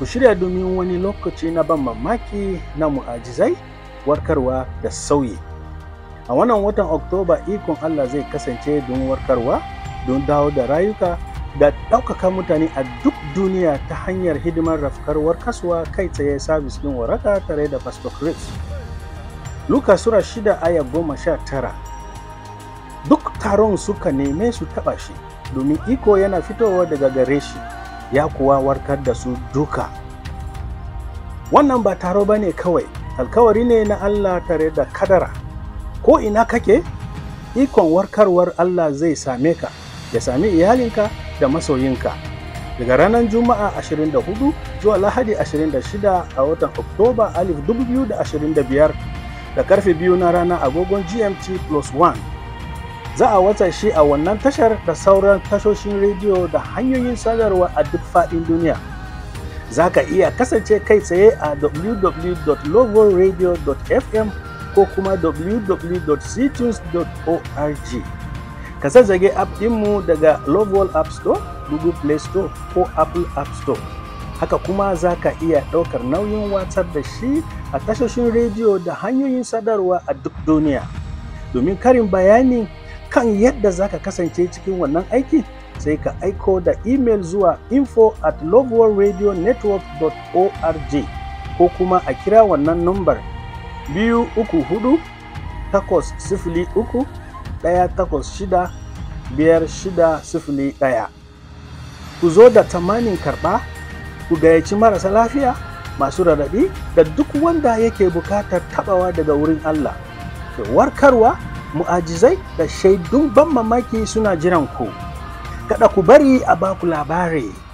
Ku shirya domin wani lokaci na ban mamaki na mu'ajizai, warkarwa da sauyi. A wannan watan Oktoba ikon Allah zai kasance don warkarwa, don dawo da rayuka da ɗaukaka mutane a duk duniya ta hanyar hidimar rafkar warkaswa kai tsaye sabis ɗin waraka tare da Pastor Chris. Luka Sura shida aya goma sha tara. Duk taron suka neme su taɓa shi, domin iko yana fitowa daga gare shi. ya kuwa warkar da su duka wannan ba taro ba ne kawai alkawari ne na allah tare da kadara ko ina kake ikon warkarwar allah zai same ka ya sami iyalinka da masoyinka daga ranar juma'a 24 zuwa lahadi 26 a watan oktoba 2025 da karfe biyu na rana agogon gmt plus 1 za a watsa shi a wannan tashar da sauran tashoshin rediyo da hanyoyin sadarwa a duk faɗin duniya. Za ka iya kasance kai tsaye a www.logoradio.fm ko kuma www.ctunes.org. Ka zazzage app mu daga Lovewall App Store, Google Play Store ko Apple App Store. Haka kuma za ka iya ɗaukar nauyin watsar da shi a tashoshin rediyo da hanyoyin sadarwa a duk duniya. Domin karin bayani kan yadda za ka kasance cikin wannan aiki sai ka aiko da imel zuwa info at loveworldradionetwork.org ko kuma a kira wannan numbar biyu uku hudu takwas sifili uku ɗaya takwas shida biyar shida sifili ɗaya. Ku zo da tamanin karɓa, ku gayyaci marasa lafiya, masu raɗaɗi da duk wanda yake bukatar taɓawa daga wurin Allah, da warkarwa mu'ajizai da shaidun ban mamaki suna jiran ku. Kada ku bari a baku labari.